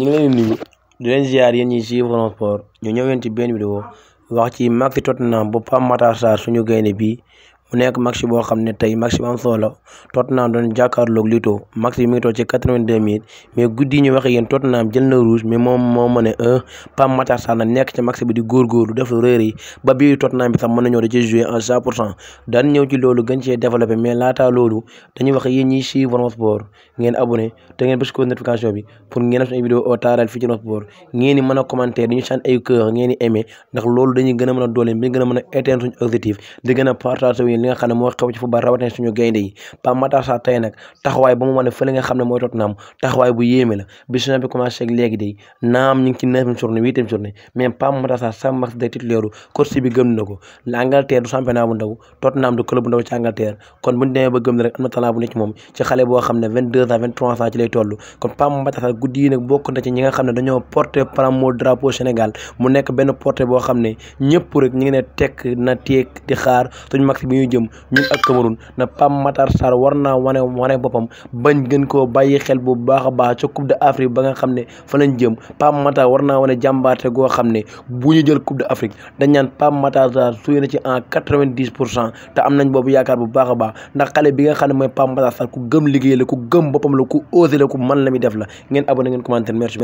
ñu ngi leen di nuyu di leen ziar yéen ñi suivre Sen Sports ñu ñëw leen ci benn vidéo wax ci match Tottenham bu Pape Matar Sarr suñu gaynde bi mu nekk match boo xam ne tey match bu solo Tottenham doon jàkkaarloog Luton match bi mi ngi toll ci 82 minutes mais guddi ñu waxe yéen Tottenham jël na rouge mais moom moo mën euh, daan ñëw ci loolu gën cee développé mais laataa loolu dañuy wax yéen ñiy suivre Sen Sport ngeen abonné te ngeen bës ko notification bi pour ngeen am suñu vidéo au taaral fii ci Sen Sport ngeen di mën a commenter dañu sant ngeen di ndax loolu dañuy gën a doole bi gën a mën yi li nga xam ne moo xew ci football rawatina suñu gaynde yi Pape Matar Sarr tey nag ba mu wane fële nga xam ne mooy Tottenham taxawaay bu yéeme la bi saison bi commencé ak léegi day naam ñu ngi ci neuvième journée huitième journée mais Pape Matar Sarr sa match day titulaire coach gëm na ko l'Angleterre du championnat bu ndaw Tottenham du club bu ndaw ci Angleterre kon buñu demee ba gëm ne am na talent bu ci moom ci xale boo xam ne vingt deux ans vingt trois ans ci lay toll ñu jëm ñun ak Cameroun na Pape Matar Sarr wane wane boppam bañ gën koo bàyyi xel bu baax a baax ca Coupe ba nga xam ne fa lañ jëm Pape Matar war naa wane goo xam ne bu ñu jël Coupe d'Afrique dañ naan Pape Matar Sarr suyee na ci en quatre-vingt-dix pour cent te am nañ boobu yaakaar bu baax a ndax xale bi nga xam ne mooy Pape Matar ku gëm liggéey la ku gëm boppam la ku osé la ku mën la mi def la ngeen abonné ngeen merci